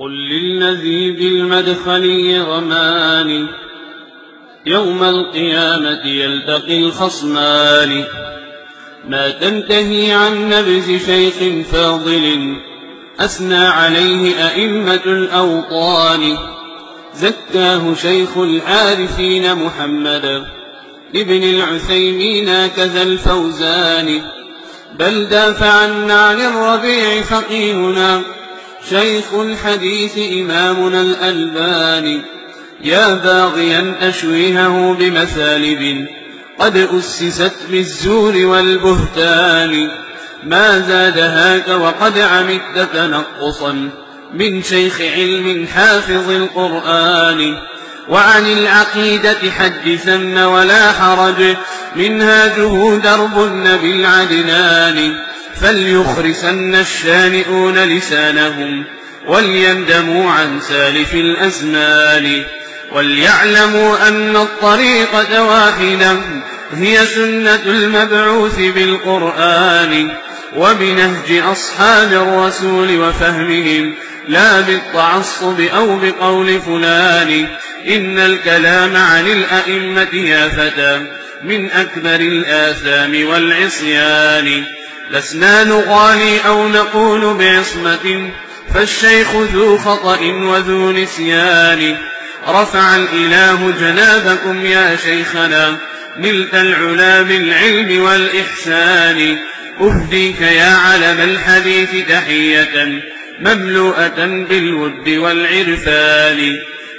قل للذي بالمدخل يغمان يوم القيامة يلتقي الخصمان ما تنتهي عن نبز شيخ فاضل أثنى عليه أئمة الأوطان زكاه شيخ العارفين محمدا ابن العثيمين كذا الفوزان بل دافعنا عن الربيع فقيهنا شيخ الحديث إمامنا الألباني يا باغيا أشويهه بمثالب قد أسست بالزور والبهتان ما زادهاك وقد عمدت تنقصا من شيخ علم حافظ القرآن وعن العقيدة حدثن ولا حرج منها جهود درب النبي العدنان فليخرسن الشانئون لسانهم وليندموا عن سالف الأزمان وليعلموا أن الطريقة واحدة هي سنة المبعوث بالقرآن وبنهج أصحاب الرسول وفهمهم لا بالتعصب أو بقول فلان إن الكلام عن الأئمة يا فتى من أكبر الآثام والعصيان لسنا نغالي أو نقول بعصمة فالشيخ ذو خطأ وذو نسيان رفع الإله جنابكم يا شيخنا ملت العلا بالعلم والإحسان أهديك يا علم الحديث تحية مملوءة بالود والعرفان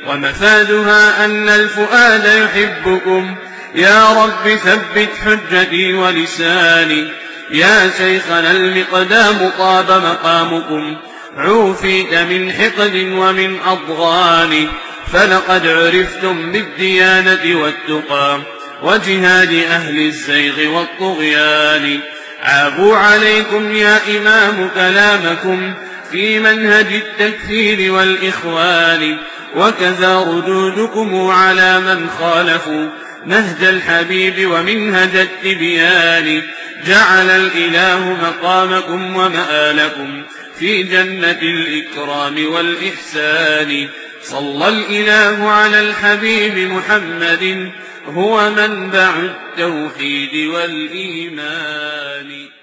ومفادها أن الفؤاد يحبكم يا رب ثبت حجتي ولساني يا شيخنا المقدام طاب مقامكم عوفيت من حقد ومن أضغان فلقد عرفتم بالديانة والتقى وجهاد أهل الزيغ والطغيان عابوا عليكم يا إمام كلامكم في منهج التكفير والإخوان وكذا ردودكم على من خالفوا نهج الحبيب ومنهج التبيان جعل الإله مقامكم ومآلكم في جنة الإكرام والإحسان صلى الإله على الحبيب محمد هو منبع التوحيد والإيمان